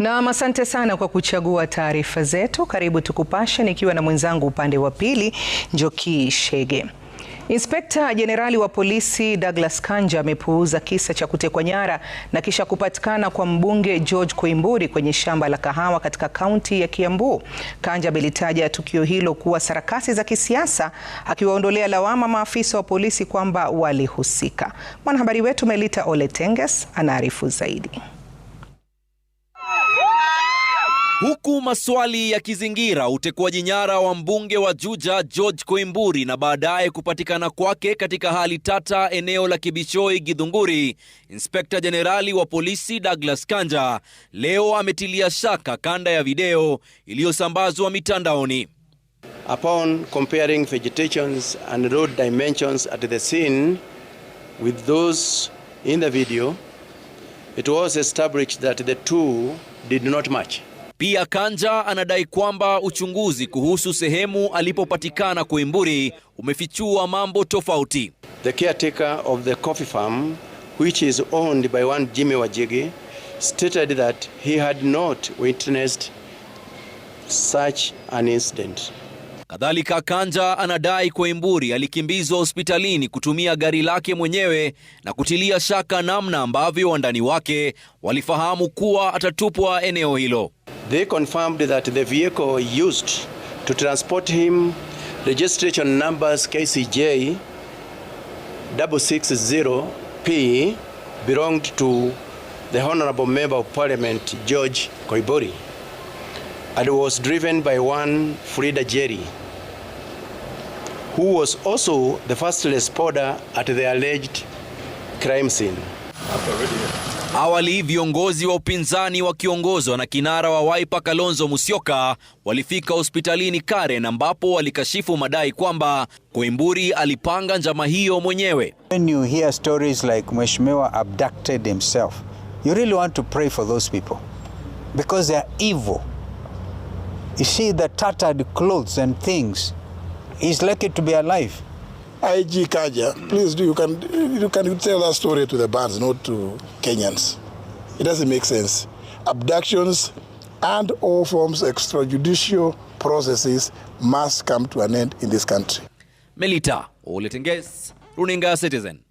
Naam, asante sana kwa kuchagua taarifa zetu. Karibu Tukupashe nikiwa na mwenzangu upande wa pili Njoki Shege. Inspekta Jenerali wa polisi Douglas Kanja amepuuza kisa cha kutekwa nyara na kisha kupatikana kwa mbunge George Koimburi kwenye shamba la kahawa katika kaunti ya Kiambu. Kanja amelitaja tukio hilo kuwa sarakasi za kisiasa, akiwaondolea lawama maafisa wa polisi kwamba walihusika. Mwanahabari wetu Melita Ole Tenges anaarifu zaidi. Huku maswali yakizingira utekwaji nyara wa mbunge wa Juja George Koimburi na baadaye kupatikana kwake katika hali tata eneo la Kibishoi Githunguri, Inspekta Jenerali wa polisi Douglas Kanja leo ametilia shaka kanda ya video iliyosambazwa mitandaoni. Upon comparing vegetations and road dimensions at the scene with those in the video, it was established that the two did not match. Pia Kanja anadai kwamba uchunguzi kuhusu sehemu alipopatikana Koimburi umefichua mambo tofauti. The caretaker of the coffee farm which is owned by one Jimmy Wajigi stated that he had not witnessed such an incident. Kadhalika, Kanja anadai Koimburi alikimbizwa hospitalini kutumia gari lake mwenyewe na kutilia shaka namna ambavyo wandani wake walifahamu kuwa atatupwa eneo hilo. They confirmed that the vehicle used to transport him, registration numbers KCJ 660P, belonged to the Honorable Member of Parliament George Koibori and was driven by one Frida Jerry, who was also the first responder at the alleged crime scene. Awali viongozi wa upinzani wakiongozwa na kinara wa Waipa Kalonzo Musyoka walifika hospitalini Karen ambapo walikashifu madai kwamba Koimburi alipanga njama hiyo mwenyewe. When you hear stories like Mheshimiwa abducted himself, you really want to pray for those people because they are evil. You see the tattered clothes and things. He's lucky to be alive. IG Kaja, please do you can you can tell that story to the bands, not to Kenyans. It doesn't make sense. Abductions and all forms extrajudicial processes must come to an end in this country. Melita Oletenges, Runinga Citizen.